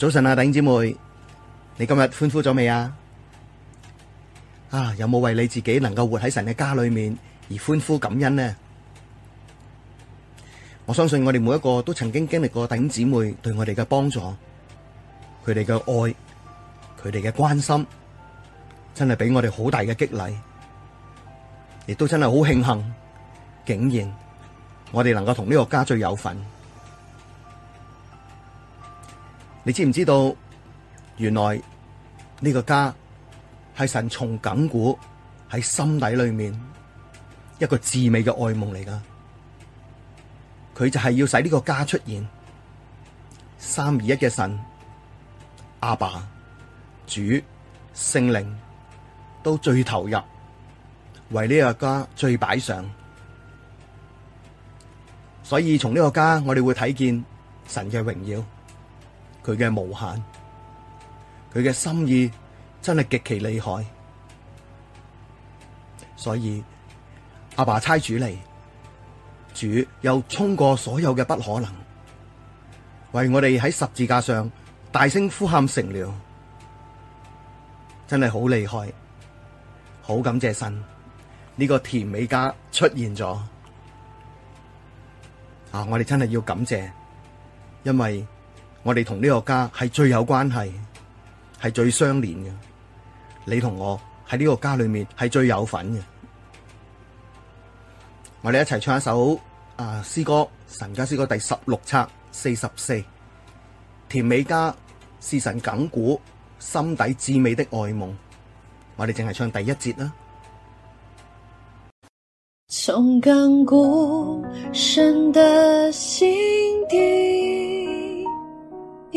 早晨啊，弟兄姊妹，你今日歡呼咗未啊？啊，有冇為你自己能夠活喺神嘅家裏面而歡呼感恩呢？我相信我哋每一個都曾經經歷過弟兄姊妹對我哋嘅幫助，佢哋嘅愛，佢哋嘅關心，真係俾我哋好大嘅激勵，亦都真係好慶幸，竟然我哋能夠同呢個家最有份。你知唔知道？原來呢個家係神從亙古喺心底裏面一個至美嘅愛夢嚟噶，佢就係要使呢個家出現。三而一嘅神、阿爸、主、聖靈都最投入為呢個家最擺上，所以從呢個家我哋會睇見神嘅榮耀。佢嘅無限，佢嘅心意真係極其厲害，所以阿爸差主嚟，主又衝過所有嘅不可能，為我哋喺十字架上大聲呼喊成了，真係好厲害，好感謝神呢、這個甜美家出現咗，啊！我哋真係要感謝，因為。我哋同呢個家係最有關係，係最相連嘅。你同我喺呢個家裏面係最有份嘅。我哋一齊唱一首啊詩歌《神家詩歌》第十六冊四十四，甜美家是神亙古，心底至美的愛夢。我哋淨係唱第一節啦。從亙古神的心底。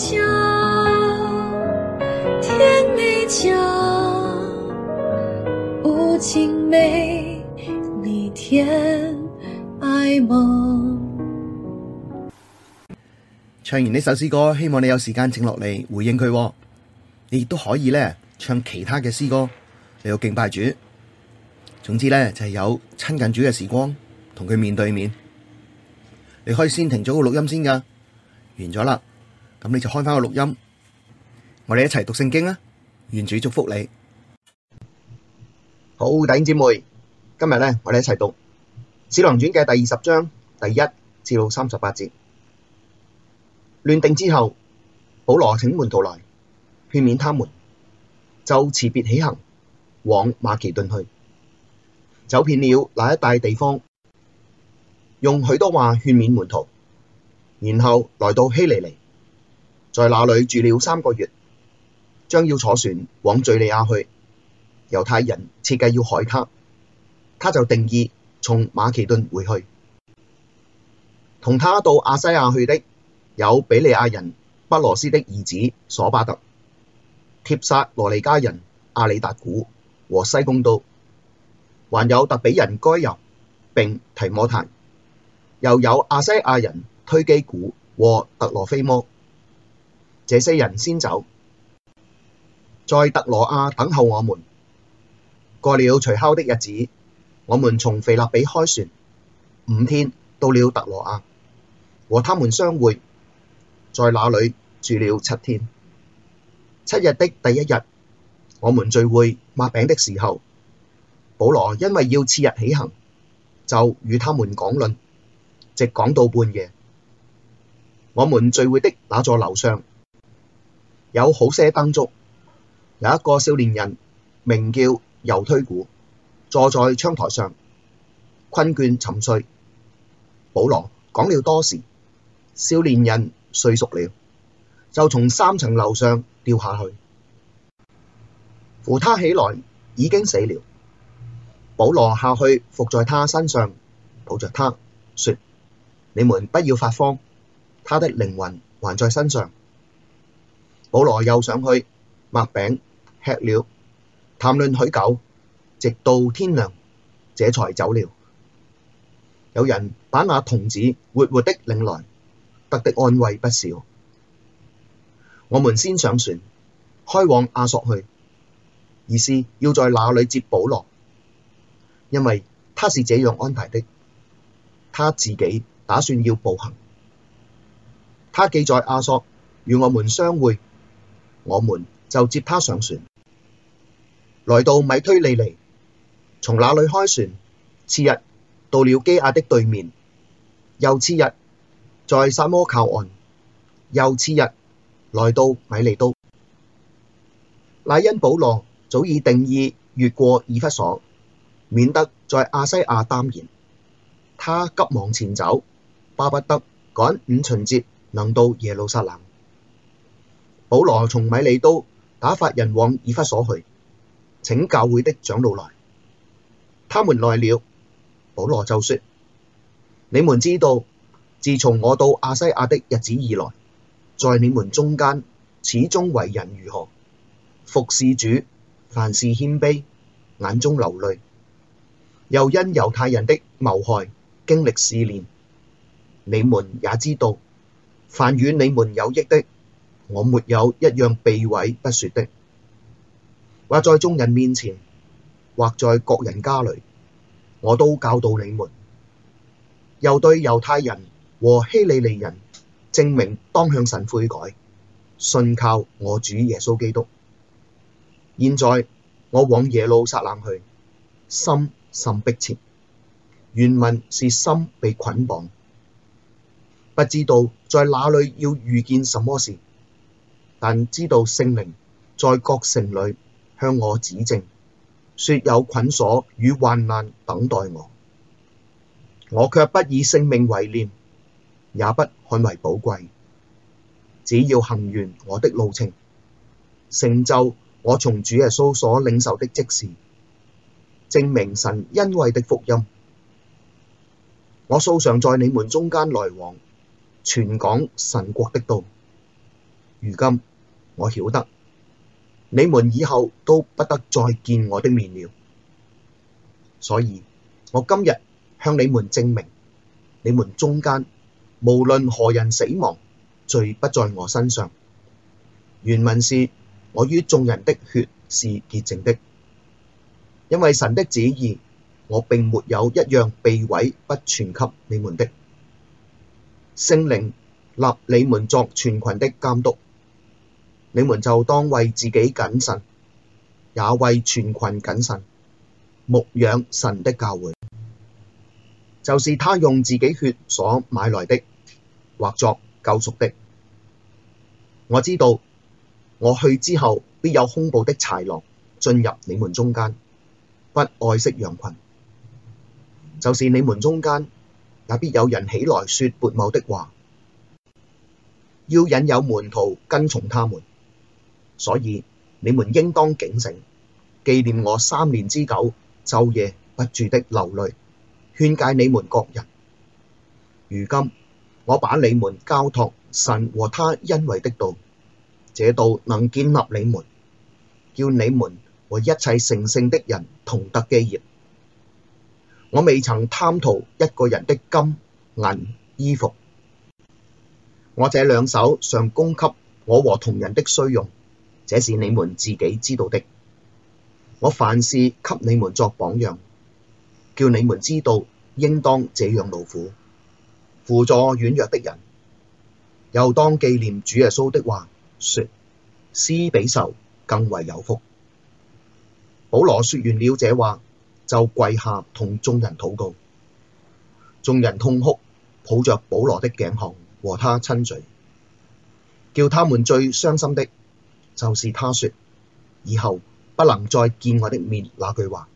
甜美家，無盡美麗甜愛夢。唱完呢首詩歌，希望你有時間靜落嚟回應佢。你亦都可以咧唱其他嘅詩歌，你有敬拜主。總之咧就係、是、有親近主嘅時光，同佢面對面。你可以先停咗個錄音先噶，完咗啦。咁你就開翻個錄音，我哋一齊讀聖經啊！願主祝福你。好，弟兄姊妹，今日咧，我哋一齊讀《使徒行傳》嘅第二十章第一至到三十八節。亂定之後，保羅請門徒來勸勉他們，就辭別起行往馬其頓去，走遍了那一帶地方，用許多話勸勉門徒，然後來到希利尼。在那裡住了三個月，將要坐船往敘利亞去。猶太人設計要害他，他就定意從馬其頓回去。同他到亞西亞去的有庇哩亞人畢羅斯的兒子索巴特、帖撒羅尼迦人阿里達古和西公都，還有特庇人該猶並提摩太，又有亞西亞人推基古和特羅非摩。這些人先走，在特羅亞等候我們。過了除酵的日子，我們從腓立比開船五天，到了特羅亞，和他們相會，在那裡住了七天。七日的第一日，我們聚會擘餅的時候，保羅因為要次日起行，就與他們講論，直講到半夜。我們聚會的那座樓上，有好些燈燭，有一個少年人，名叫猶推古，坐在窗臺上困倦沉睡。保羅講了多時，少年人睡熟了，就從三層樓上掉下去，扶他起來，已經死了。保羅下去，伏在他身上，抱着他說：你們不要發慌，他的靈魂還在身上。保羅又上去，擘餅，吃了，談論許久，直到天亮，這才走了。有人把那童子活活的領來，得的安慰不小。我們先上船，開往亞朔去，意思要在那裏接保羅，因為他是這樣安排的。他自己打算要步行。他既在亞朔與我們相會。我們就接他上船，來到米推利尼，從那裏開船，次日到了基阿的對面，又次日在撒摩靠岸，又次日來到米利都。乃因保羅早已定意越過以弗所，免得在亞西亞耽延。他急忙前走，巴不得趕五旬節能到耶路撒冷。保羅從米利都打發人往以弗所去，請教會的長老來。他們來了，保羅就說：你們知道，自從我到亞西亞的日子以來，在你們中間始終為人如何，服事主，凡事謙卑，眼中流淚，又因猶太人的謀害，經歷試煉。你們也知道，凡與你們有益的。我沒有一樣避諱不說的，或在眾人面前，或在各人家裏，我都教導你們，又對猶太人和希利尼人證明當向神悔改，信靠我主耶穌基督。現在我往耶路撒冷去，心甚迫切。原文是心被捆綁，不知道在哪裏要遇見什麼事。但知道聖靈在各城裡向我指證，說有捆鎖與患難等待我，我卻不以性命為念，也不看為寶貴，只要行完我的路程，成就我從主耶穌領受的職事，證明神恩惠的福音。我素常在你們中間來往，傳講神國的道。如今我曉得你們以後都不得再見我的面了，所以我今日向你們證明，你們中間無論何人死亡，罪不在我身上。原文是我於眾人的血是潔淨的，因為神的旨意，我並沒有一樣避諱不傳給你們的。聖靈立你們作全群的監督。你們就當為自己謹慎，也為全群謹慎，牧養神的教會，就是他用自己血所買來的，或作救贖的。我知道我去之後，必有兇暴的豺狼進入你們中間，不愛惜羊群；就是你們中間，也必有人起來說悖謬的話，要引誘門徒跟從他們。所以你們應當警醒，紀念我三年之久，晝夜不住的流淚，勸戒你們各人。如今我把你們交託神和他恩惠的道，這道能建立你們，叫你們和一切成聖的人同得基業。我未曾貪圖一個人的金銀衣服，我這兩手上供給我和同人的需用。這是你們自己知道的。我凡事給你們作榜樣，叫你們知道應當這樣勞苦，扶助軟弱的人，又當紀念主耶穌的話說：施比受更為有福。保羅說完了這話，就跪下同眾人禱告。眾人痛哭，抱着保羅的頸項和他親嘴，叫他們最傷心的。就是他說，以後不能再見我的面那句話，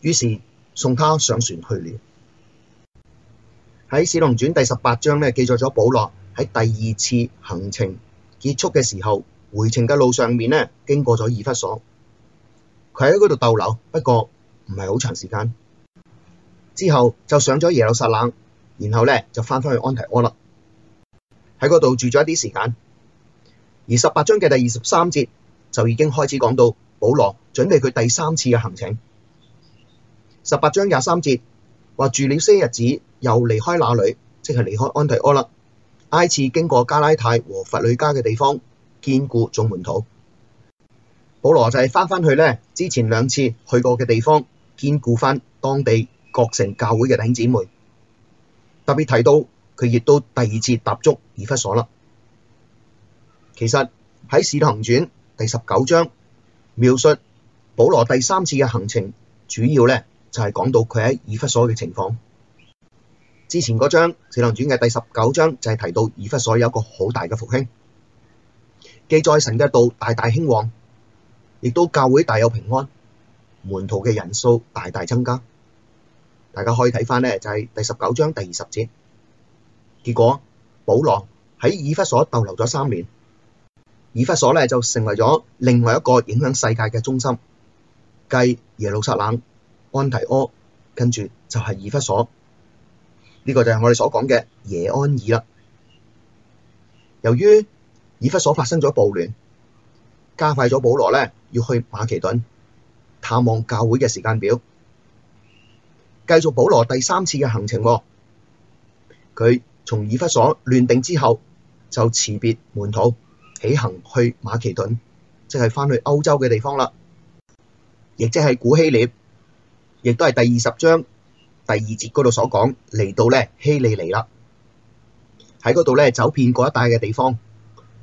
於是送他上船去了。喺《使徒行傳》第十八章呢，記載咗保羅喺第二次行程結束嘅時候，回程嘅路上面呢，經過咗以弗所，佢喺嗰度逗留，不過唔係好長時間。之後就上咗耶路撒冷，然後呢，就返返去安提阿啦。喺嗰度住咗一啲時間。而十八章嘅第二十三節就已經開始講到，保羅準備佢第三次嘅行程。十八章廿三節話住了些日子，又離開那裏，即係離開安提阿啦。挨次經過加拉太和弗呂家嘅地方，堅固眾門徒。保羅就係返返去咧之前兩次去過嘅地方，堅固返當地各城教會嘅弟兄姊妹。特別提到佢亦都第二次踏足以弗所啦。其實喺《使徒行傳》第十九章描述保羅第三次嘅行程，主要呢就係、是、講到佢喺以弗所嘅情況。之前嗰章《使徒行傳》嘅第十九章就係、是、提到以弗所有一個好大嘅復興，記載神嘅道大大興旺，亦都教會大有平安，門徒嘅人數大大增加。大家可以睇返呢就係、是、第十九章第二十節。結果保羅喺以弗所逗留咗三年。以弗所咧就成為咗另外一個影響世界嘅中心，繼耶路撒冷、安提阿，跟住就係以弗所。呢、這個就係我哋所講嘅耶安以啦。由於以弗所發生咗暴亂，加快咗保羅咧要去馬其頓探望教會嘅時間表，繼續保羅第三次嘅行程。佢從以弗所亂定之後，就辭別門徒。起行去馬其頓，即係翻去歐洲嘅地方啦，亦即係古希臘，亦都係第二十章第二節嗰度所講，嚟到咧希利尼啦。喺嗰度咧走遍嗰一帶嘅地方，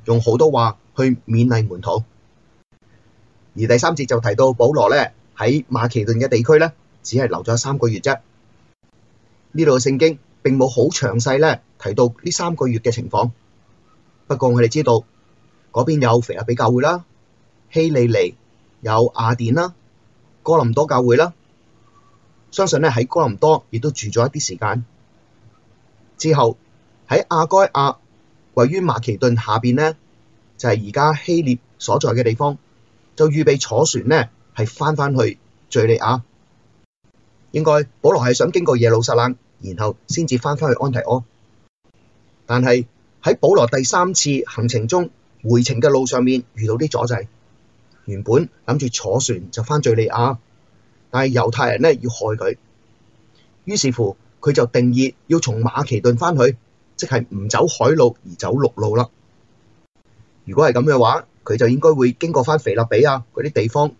用好多話去勉勵門徒。而第三節就提到保羅咧喺馬其頓嘅地區咧，只係留咗三個月啫。呢度嘅聖經並冇好詳細咧提到呢三個月嘅情況，不過我哋知道。嗰邊有腓立比教會啦，希利尼有雅典啦，哥林多教會啦，相信咧喺哥林多亦都住咗一啲時間。之後喺亞該亞，位於馬其頓下邊咧，就係而家希臘所在嘅地方，就預備坐船咧係翻返去敘利亞。應該保羅係想經過耶路撒冷，然後先至翻返去安提阿。但係喺保羅第三次行程中。回程嘅路上面遇到啲阻滯，原本諗住坐船就返敍利亞，但係猶太人呢要害佢，於是乎佢就定意要從馬其頓返去，即係唔走海路而走陸路啦。如果係咁嘅話，佢就應該會經過翻腓立比啊嗰啲地方，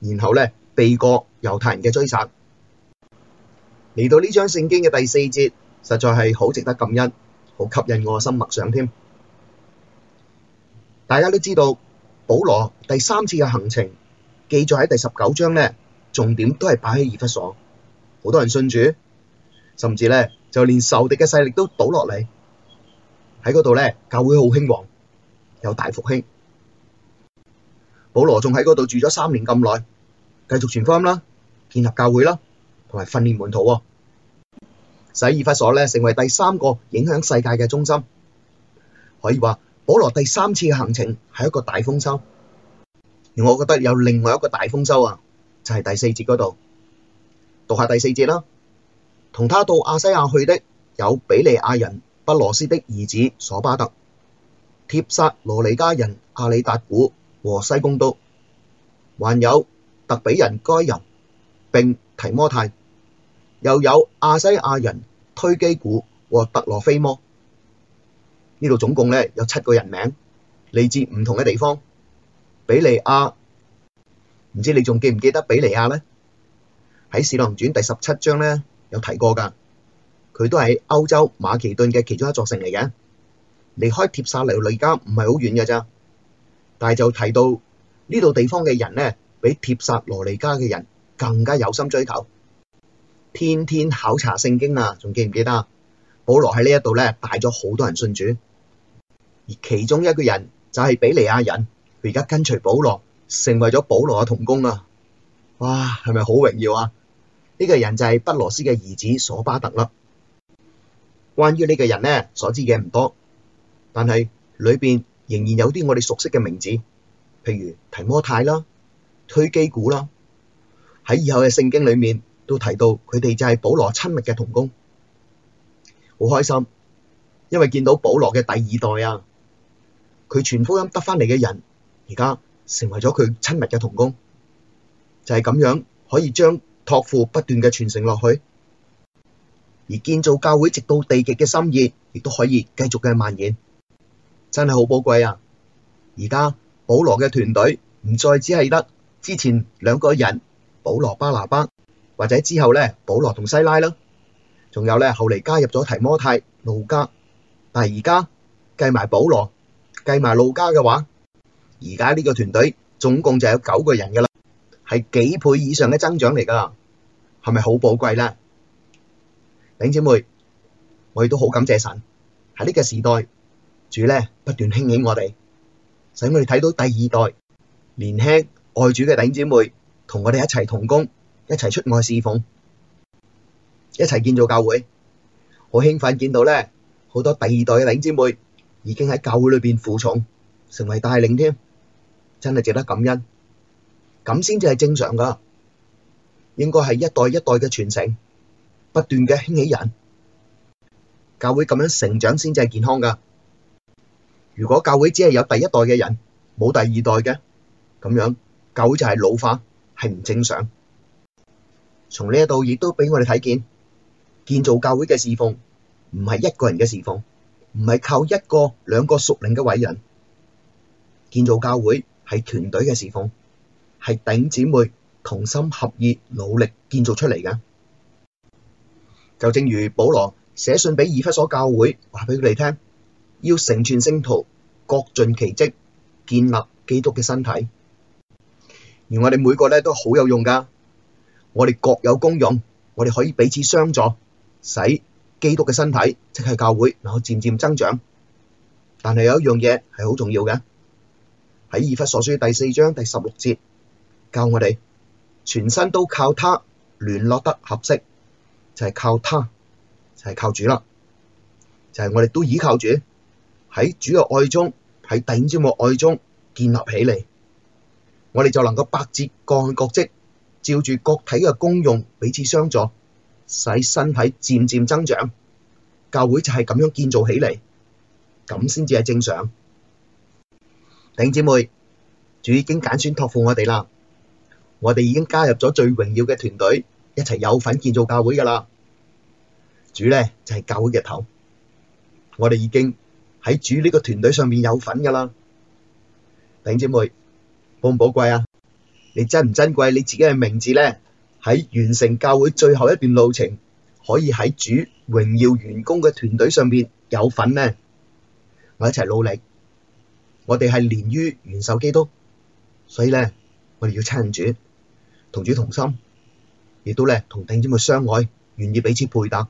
然後呢避過猶太人嘅追殺。嚟到呢章聖經嘅第四節，實在係好值得感恩，好吸引我心默想添。大家都知道，保羅第三次嘅行程記載喺第十九章咧，重點都係擺喺以弗所。好多人信主，甚至咧就連仇敵嘅勢力都倒落嚟，喺嗰度咧，教會好興旺，有大復興。保羅仲喺嗰度住咗三年咁耐，繼續傳福音啦，建立教會啦，同埋訓練門徒，使以、以弗所咧成為第三個影響世界嘅中心。可以話。保羅第三次行程係一個大豐收，而我覺得有另外一個大豐收啊，就係、是、第四節嗰度，讀下第四節啦。同他到亞西亞去的有庇哩亞人畢羅斯的兒子所巴特、帖撒羅尼迦人亞里達古和西公都，還有特庇人該猶、並提摩太，又有亞西亞人推基古和特羅非摩。呢度總共咧有七個人名，嚟自唔同嘅地方。庇哩亞，唔知你仲記唔記得庇哩亞咧？喺《使徒行傳》第十七章咧有提過噶，佢都係歐洲馬其頓嘅其中一座城嚟嘅，離開帖撒羅尼迦唔係好遠嘅咋。但係就提到呢度地方嘅人咧，比帖撒羅尼迦嘅人更加有心追求，天天考察聖經啊！仲記唔記得啊？保羅喺呢一度咧帶咗好多人信主。而其中一個人就係庇哩亞人，佢而家跟隨保羅，成為咗保羅嘅同工啊！哇，係咪好榮耀啊？呢、這個人就係畢羅斯嘅兒子所巴特啦。關於呢個人咧，所知嘅唔多，但係裏邊仍然有啲我哋熟悉嘅名字，譬如提摩太啦、推基古啦。喺以後嘅聖經裏面都提到佢哋就係保羅親密嘅同工，好開心，因為見到保羅嘅第二代啊！佢傳福音得翻嚟嘅人，而家成為咗佢親密嘅同工，就係咁樣可以將託付不斷嘅傳承落去，而建造教會直到地極嘅心意，亦都可以繼續嘅蔓延，真係好寶貴啊！而家保羅嘅團隊唔再只係得之前兩個人，保羅巴拿巴，或者之後咧保羅同西拉啦，仲有咧後嚟加入咗提摩太、路加，但係而家計埋保羅。計埋老家嘅話，而家呢個團隊總共就有九個人噶啦，係幾倍以上嘅增長嚟噶，係咪好寶貴咧？頂姐妹，我亦都好感謝神喺呢個時代主咧不斷興起我哋，使我哋睇到第二代年輕愛主嘅頂姐妹同我哋一齊同工，一齊出外侍奉，一齊建造教會，好興奮見到咧好多第二代嘅頂姐妹。已經喺教會裏邊負重，成為帶領添，真係值得感恩。咁先至係正常噶，應該係一代一代嘅傳承，不斷嘅興起人，教會咁樣成長先至係健康噶如果教會只係有第一代嘅人，冇第二代嘅，咁樣教會就係老化，係唔正常。從呢一度亦都俾我哋睇見，建造教會嘅侍奉唔係一個人嘅侍奉。唔係靠一個、兩個屬靈嘅偉人建造教會，係團隊嘅侍奉，係頂姊妹同心合意努力建造出嚟嘅。就正如保羅寫信俾以弗所教會，話俾佢哋聽，要成全聖徒各盡其職，建立基督嘅身體。而我哋每個咧都好有用噶，我哋各有功用，我哋可以彼此相助，使。基督嘅身體即係教會能夠漸漸增長，但係有一樣嘢係好重要嘅，喺以弗所書第四章第十六節教我哋全身都靠他聯絡得合適，就係靠他，就係靠主啦，就係我哋都倚靠主喺主嘅愛中，喺頂尖嘅愛中建立起嚟，我哋就能夠百節各按各職，照住各體嘅功用彼此相助。使身體漸漸增長，教會就係咁樣建造起嚟，咁先至係正常。頂姊妹，主已經揀選託付我哋啦，我哋已經加入咗最榮耀嘅團隊，一齊有份建造教會噶啦。主咧就係教會嘅頭，我哋已經喺主呢個團隊上面有份噶啦。頂姊妹，寶唔寶貴啊？你珍唔珍貴你自己嘅名字咧？喺完成教會最後一段路程，可以喺主榮耀員工嘅團隊上面有份咩？我一齊努力，我哋係連於元首基督，所以咧我哋要撐住，同主同心，亦都咧同弟兄嘅相愛，願意彼此配搭，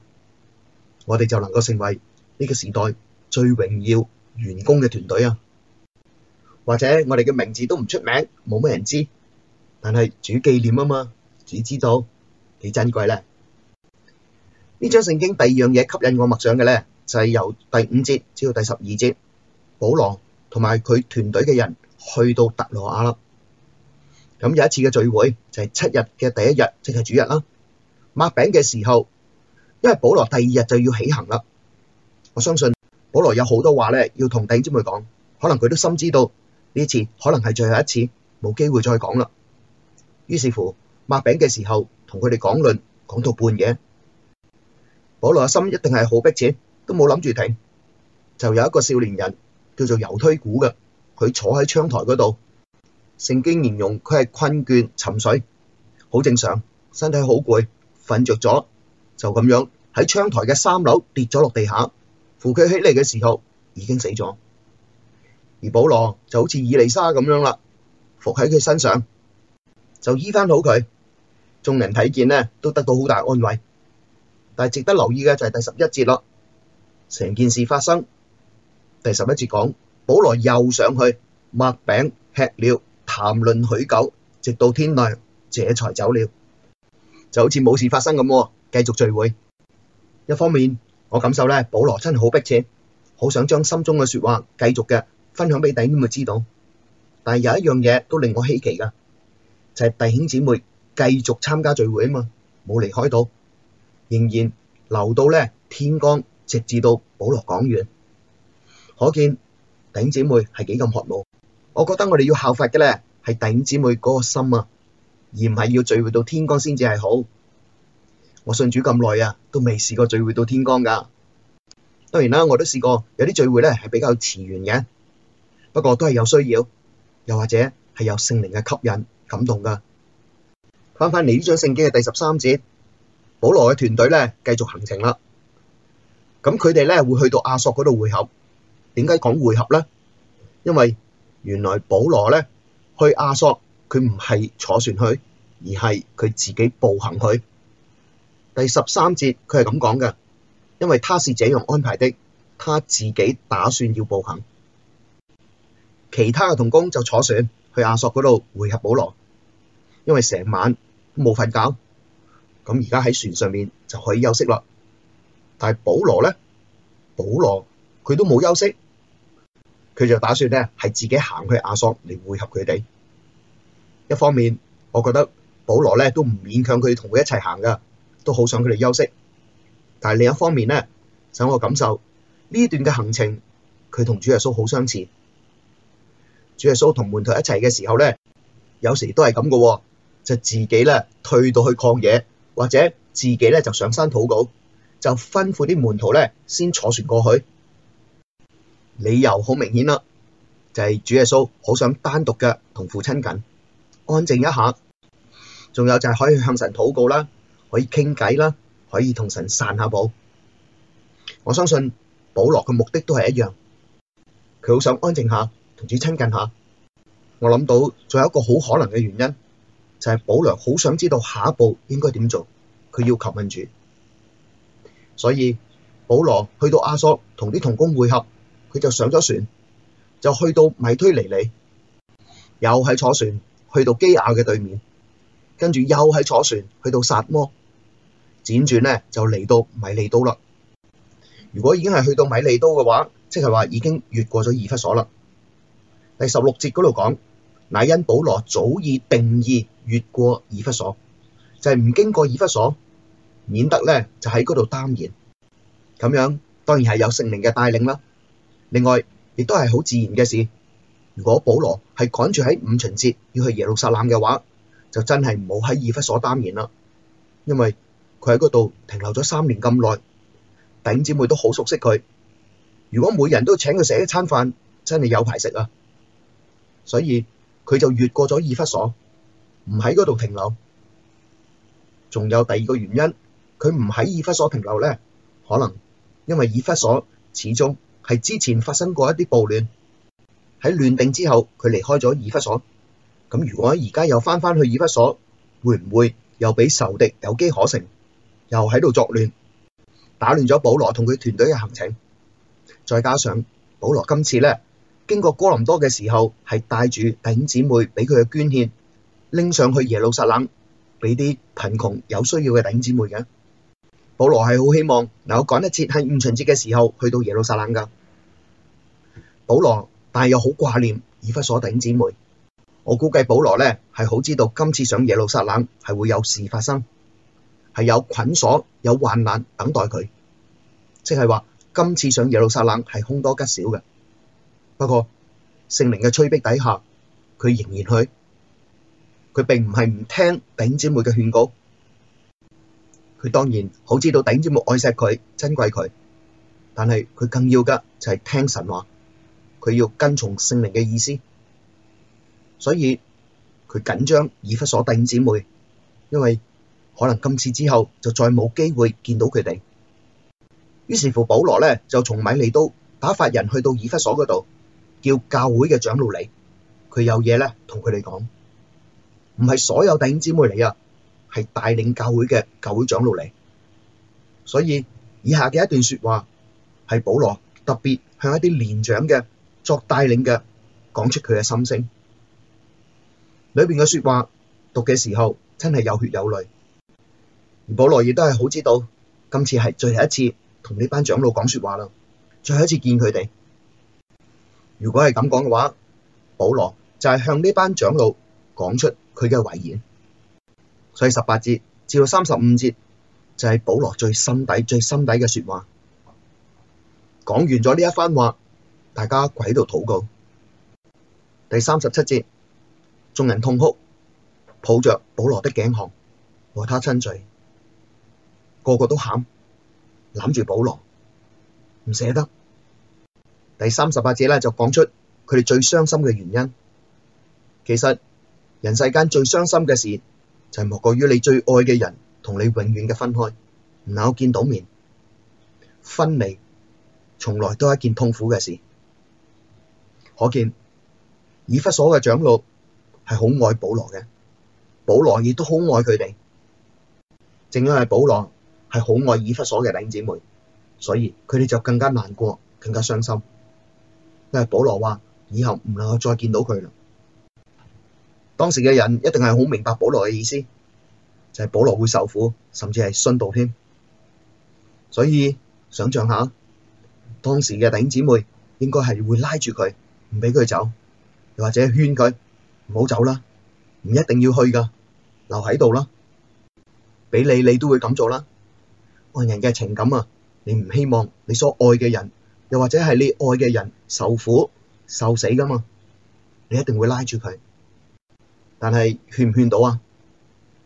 我哋就能夠成為呢個時代最榮耀員工嘅團隊啊！或者我哋嘅名字都唔出名，冇乜人知，但係主紀念啊嘛～只知道幾珍貴咧！呢張聖經第二樣嘢吸引我默想嘅咧，就係由第五節至到第十二節，保羅同埋佢團隊嘅人去到特羅亞啦。咁有一次嘅聚會，就係七日嘅第一日，即係主日啦。擘餅嘅時候，因為保羅第二日就要起行啦。我相信保羅有好多話咧，要同弟兄姊妹講。可能佢都深知道呢次可能係最後一次，冇機會再講啦。於是乎。擘餅嘅時候，同佢哋講論講到半夜，保羅嘅心一定係好逼切，都冇諗住停，就有一個少年人叫做猶推古嘅，佢坐喺窗台嗰度。聖經形容佢係困倦沉睡，好正常，身體好攰，瞓着咗就咁樣喺窗台嘅三樓跌咗落地下，扶佢起嚟嘅時候已經死咗。而保羅就好似以利沙咁樣啦，伏喺佢身上就醫翻好佢。眾人睇見咧，都得到好大安慰。但係值得留意嘅就係第十一節咯，成件事發生，第十一節講保羅又上去擘餅吃了，談論許久，直到天亮，這才走了，就好似冇事發生咁，繼續聚會。一方面我感受咧，保羅真係好迫切，好想將心中嘅說話繼續嘅分享俾弟兄們知道。但係有一樣嘢都令我稀奇噶，就係弟兄姊妹。繼續參加聚會啊嘛，冇離開到，仍然留到咧天光，直至到保羅講完，可見弟兄姐妹係幾咁渴慕。我覺得我哋要效法嘅咧係弟兄姐妹嗰個心啊，而唔係要聚會到天光先至係好。我信主咁耐啊，都未試過聚會到天光噶。當然啦，我都試過有啲聚會咧係比較遲完嘅，不過都係有需要，又或者係有聖靈嘅吸引感動噶。翻返嚟呢章聖經嘅第十三節，保羅嘅團隊咧繼續行程啦。咁佢哋咧會去到亞朔嗰度會合。點解講會合呢？因為原來保羅咧去亞朔，佢唔係坐船去，而係佢自己步行去。第十三節佢係咁講嘅，因為他是這樣安排的，他自己打算要步行，其他嘅同工就坐船去亞朔嗰度會合保羅，因為成晚冇瞓覺，咁而家喺船上面就可以休息啦。但係保羅咧，保羅佢都冇休息，佢就打算咧係自己行去亞朔嚟會合佢哋。一方面，我覺得保羅咧都唔勉強佢同佢一齊行噶都好想佢哋休息。但係另一方面咧，就我感受呢段嘅行程，佢同主耶穌好相似。主耶穌同門徒一齊嘅時候咧，有時都係咁噶就自己咧退到去曠野，或者自己咧就上山禱告，就吩咐啲門徒咧先坐船過去。理由好明顯啦，就係主耶穌好想單獨嘅同父親近，安靜一下。仲有就係可以向神禱告啦，可以傾偈啦，可以同神散下步。我相信保羅嘅目的都係一樣，佢好想安靜下，同主親近下。我諗到仲有一個好可能嘅原因。就係保羅好想知道下一步應該點做，佢要求問主。所以保羅去到亞朔同啲同工會合，佢就上咗船，就去到米推利尼，又係坐船去到基阿嘅對面，跟住又係坐船去到撒摩，輾轉咧就嚟到米利都啦。如果已經係去到米利都嘅話，即係話已經越過咗以弗所啦。第十六節嗰度講。乃因保羅早已定意，越過以弗所就係、是、唔經過以弗所，免得咧就喺嗰度耽延咁樣。當然係有聖靈嘅帶領啦，另外亦都係好自然嘅事。如果保羅係趕住喺五旬節要去耶路撒冷嘅話，就真係唔好喺以弗所耽延啦。因為佢喺嗰度停留咗三年咁耐，頂姊妹都好熟悉佢。如果每人都請佢食一餐飯，真係有排食啊！所以。佢就越過咗以弗所，唔喺嗰度停留。仲有第二個原因，佢唔喺以弗所停留咧，可能因為以弗所始終係之前發生過一啲暴亂，喺亂定之後佢離開咗以弗所。咁如果而家又翻返去以弗所，會唔會又俾仇敵有機可乘，又喺度作亂，打亂咗保羅同佢團隊嘅行程？再加上保羅今次咧。經過哥林多嘅時候，係帶住弟兄姊妹俾佢嘅捐獻拎上去耶路撒冷，俾啲貧窮有需要嘅弟兄姊妹嘅。保羅係好希望能夠趕得切喺五旬節嘅時候去到耶路撒冷噶。保羅，但係又好掛念以弗所弟兄姊妹。我估計保羅呢係好知道今次上耶路撒冷係會有事發生，係有捆鎖、有患難等待佢，即係話今次上耶路撒冷係兇多吉少嘅。不過聖靈嘅催逼底下，佢仍然去。佢並唔係唔聽弟兄姊妹嘅勸告。佢當然好知道弟兄姊妹愛錫佢、珍貴佢，但係佢更要嘅就係聽神話，佢要跟從聖靈嘅意思。所以佢緊張以弗所弟兄姊妹，因為可能今次之後就再冇機會見到佢哋。於是乎，保羅，保羅呢就從米利都打發人去到以弗所嗰度。叫教會嘅長老嚟，佢有嘢咧同佢哋講。唔係所有弟兄姊妹嚟啊，係帶領教會嘅教會長老嚟，所以以下嘅一段說話係保羅特別向一啲年長嘅作帶領嘅講出佢嘅心聲裏邊嘅說話讀嘅時候真係有血有淚，而保羅亦都係好知道今次係最後一次同呢班長老講說話啦，最後一次見佢哋。如果係咁講嘅話，保羅就係向呢班長老講出佢嘅遺言，所以十八節至到三十五節就係保羅最心底最心底嘅說話。講完咗呢一番話，大家跪喺度禱告。第三十七節，眾人痛哭，抱着保羅的頸項，和他親嘴，個個都喊，攬住保羅，唔捨得。第三十八節咧就講出佢哋最傷心嘅原因。其實人世間最傷心嘅事就係莫過於你最愛嘅人同你永遠嘅分開，唔能夠見到面，分離，從來都係一件痛苦嘅事。可見以弗所嘅長老係好愛保羅嘅，保羅亦都好愛佢哋。正因係保羅係好愛以弗所嘅弟兄姊妹，所以佢哋就更加難過，更加傷心。佢係保羅話，以後唔能夠再見到佢啦。當時嘅人一定係好明白保羅嘅意思，就係保羅會受苦，甚至係殉道添。所以想象下，當時嘅弟兄姊妹應該係會拉住佢，唔俾佢走，又或者勸佢唔好走啦，唔一定要去㗎，留喺度啦。俾你你都會咁做啦。按人嘅情感啊，你唔希望你所愛嘅人。又或者係你愛嘅人受苦受死噶嘛？你一定會拉住佢，但係勸唔勸到啊？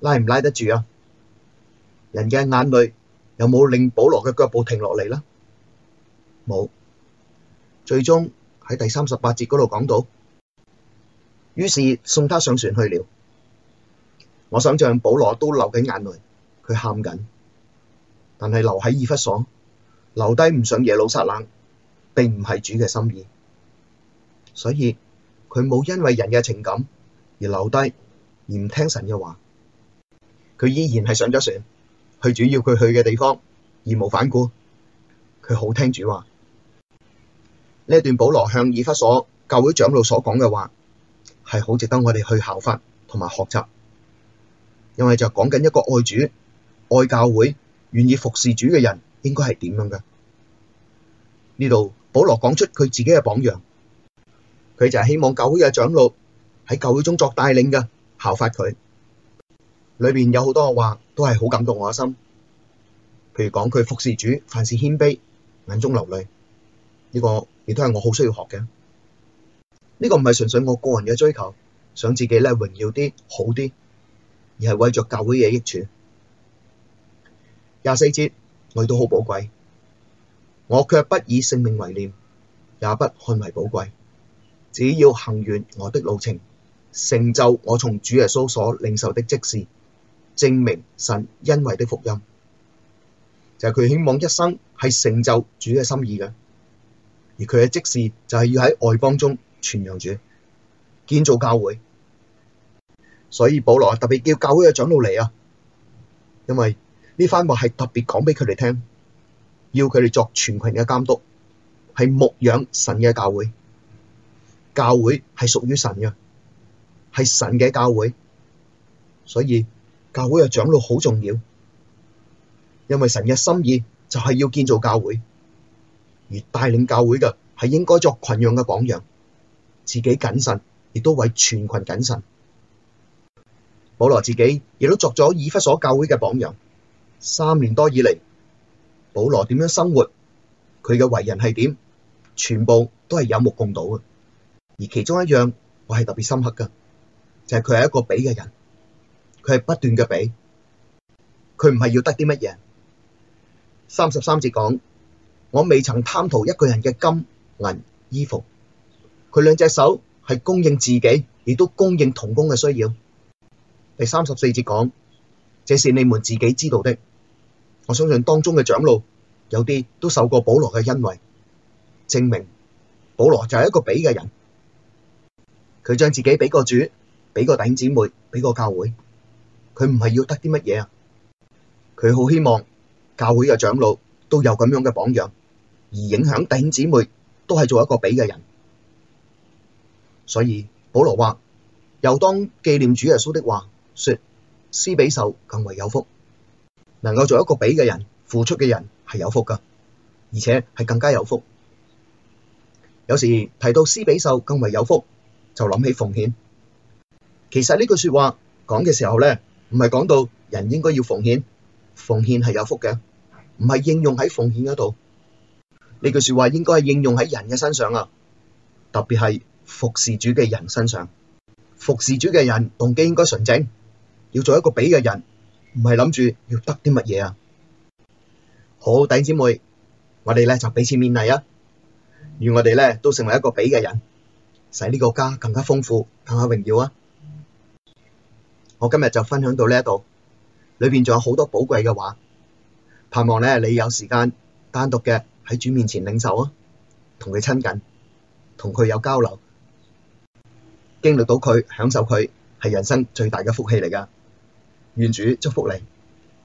拉唔拉得住啊？人嘅眼淚有冇令保羅嘅腳步停落嚟啦？冇。最終喺第三十八節嗰度講到，於是送他上船去了。我想象保羅都流緊眼淚，佢喊緊，但係留喺以弗所，留低唔上耶路撒冷，並唔係主嘅心意，所以佢冇因為人嘅情感而留低，而唔聽神嘅話。佢依然係上咗船去主要佢去嘅地方，義無反顧。佢好聽主話，呢段保羅向以弗所教會長老所講嘅話，係好值得我哋去效法同埋學習，因為就講緊一個愛主、愛教會、願意服侍主嘅人應該係點樣㗎呢度。保羅講出佢自己嘅榜樣，佢就係希望教會嘅長老喺教會中作帶領嘅效法佢。裏面有好多話都係好感動我嘅心，譬如講佢服侍主，凡事謙卑，眼中流淚，呢個亦都係我好需要學嘅。呢個唔係純粹我個人嘅追求，想自己咧榮耀啲好啲，而係為着教會嘅益處。廿四節我哋都好寶貴。我卻不以性命為念，也不看為寶貴，只要行完我的路程，成就我從主耶穌所領受的職事，證明神恩惠的福音。就係、是、佢希望一生係成就主嘅心意嘅，而佢嘅職事就係要喺外邦中傳揚主，建造教會。所以保羅特別叫教會嘅長老嚟啊，因為呢番話係特別講俾佢哋聽。要佢哋作全群嘅監督，係牧養神嘅教會，教會係屬於神嘅，係神嘅教會，所以教會嘅長老好重要，因為神嘅心意就係要建造教會，而帶領教會嘅係應該作群養嘅榜樣，自己謹慎，亦都為全群謹慎。保羅自己亦都作咗以弗所教會嘅榜樣，三年多以嚟。保羅點樣生活，佢嘅為人係點，全部都係有目共睹嘅。而其中一樣我係特別深刻嘅，就係佢係一個俾嘅人，佢係不斷嘅俾，佢唔係要得啲乜嘢。三十三節講，我未曾貪圖一個人嘅金銀衣服，佢兩隻手係供應自己，亦都供應同工嘅需要。第三十四節講，這是你們自己知道的。我相信當中嘅長老有啲都受過保羅嘅恩惠，證明保羅就係一個俾嘅人。佢將自己俾個主，俾個弟兄姊妹，俾個教會。佢唔係要得啲乜嘢啊。佢好希望教會嘅長老都有咁樣嘅榜樣，而影響弟兄姊妹都係做一個俾嘅人。所以保羅話：又當記念主耶穌的話，說施比受更為有福。能夠做一個俾嘅人，付出嘅人係有福噶，而且係更加有福。有時提到施比受更為有福，就諗起奉獻。其實呢句說話講嘅時候咧，唔係講到人應該要奉獻，奉獻係有福嘅，唔係應用喺奉獻嗰度。呢句說話應該係應用喺人嘅身上啊，特別係服侍主嘅人身上。服侍主嘅人動機應該純正，要做一個俾嘅人。唔係諗住要得啲乜嘢啊！好弟姐妹，我哋咧就彼此勉勵啊，願我哋咧都成為一個俾嘅人，使呢個家更加豐富、更加榮耀啊！我今日就分享到呢一度，裏邊仲有好多寶貴嘅話，盼望咧你有時間單獨嘅喺主面前領受啊，同佢親近，同佢有交流，經歷到佢、享受佢，係人生最大嘅福氣嚟噶。原主祝福你。